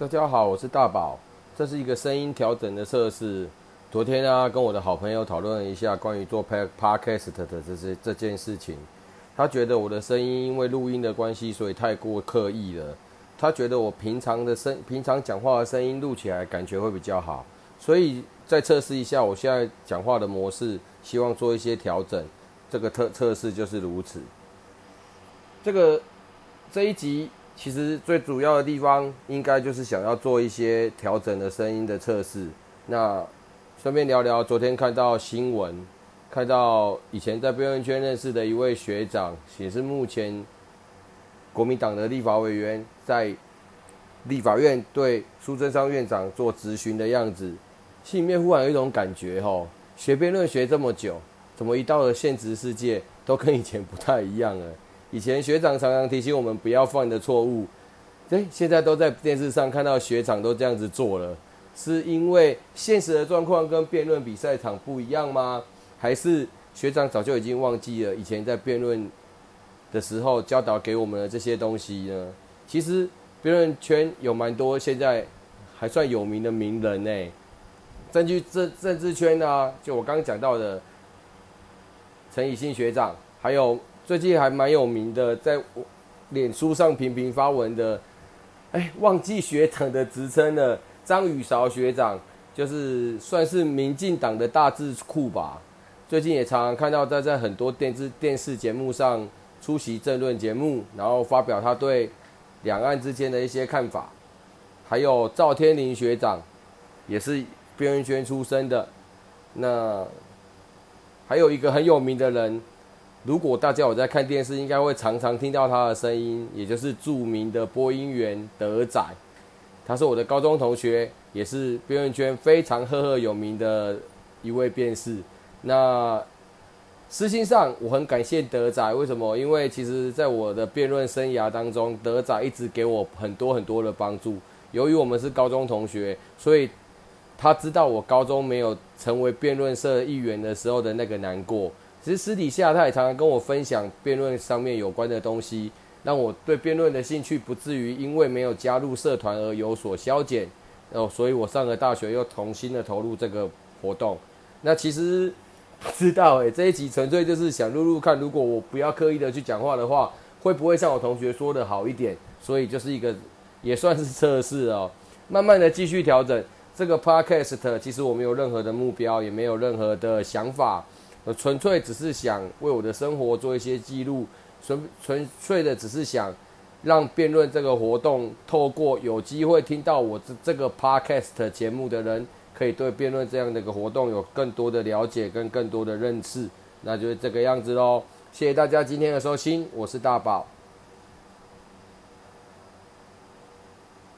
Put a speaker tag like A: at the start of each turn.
A: 大家好，我是大寶。這是一個聲音調整的測試。昨天啊，跟我的好朋友討論了一下關於做拍 podcast 的這些這件事情。他覺得我的聲音因為錄音的關係，所以太過刻意了。他覺得我平常的聲、平常講話的聲音錄起來感覺會比較好，所以再測試一下我現在講話的模式，希望做一些調整。這個測測試就是如此。這個這一集。其實最主要的地方，應該就是想要做一些調整的聲音的測試。那順便聊聊，昨天看到新聞，看到以前在辯論圈認識的一位學長，也是目前國民黨的立法委員，在立法院對蘇貞昌院長做質詢的樣子，心裡面忽然有一種感覺，吼，學辯論學這麼久，怎麼一到了現實世界，都跟以前不太一樣了？以前學長常常提醒我們不要犯的錯誤，誒、欸，現在都在電視上看到學長都這樣子做了，是因為現實的狀況跟辯論比賽場不一樣嗎？還是學長早就已經忘記了以前在辯論的時候教導給我們的這些東西呢？其實辯論圈有蠻多現在還算有名的名人誒、欸，佔據政政治圈啊，就我剛剛講到的陳以信學長，還有。最近還蠻有名的，在臉書上頻頻發文的，哎，忘記學長的職稱了，張宇韶學長就是算是民進黨的大智庫吧。最近也常常看到他在很多電視電視節目上出席政論節目，然後發表他對兩岸之間的一些看法。還有趙天麟學長，也是邊緣圈出身的。那還有一個很有名的人。如果大家有在看電視，應該會常常聽到他的聲音，也就是著名的播音員德仔。他是我的高中同學，也是辯論圈非常赫赫有名的一位辯士。那私心上，我很感謝德仔。為什麼？因為其實在我的辯論生涯當中，德仔一直給我很多很多的幫助。由於我們是高中同學，所以他知道我高中沒有成為辯論社一員的時候的那個難過。其實私底下他也常常跟我分享辯論上面有關的東西，讓我對辯論的興趣不至於因為沒有加入社團而有所消減，哦。所以我上了大學又重新的投入這個活動。那其實知道誒、欸、這一集純粹就是想錄錄看，如果我不要刻意的去講話的話，會不會像我同學說的好一點？所以就是一個也算是測試哦。慢慢的繼續調整這個 podcast，其實我沒有任何的目標，也沒有任何的想法。純粹只是想為我的生活做一些記錄，純純粹的只是想讓辯論這個活動，透過有機會聽到我這這個 podcast 節目的人，可以對辯論這樣的一個活動有更多的了解跟更多的認識，那就是這個樣子嘍。謝謝大家今天的收聽，我是大寶。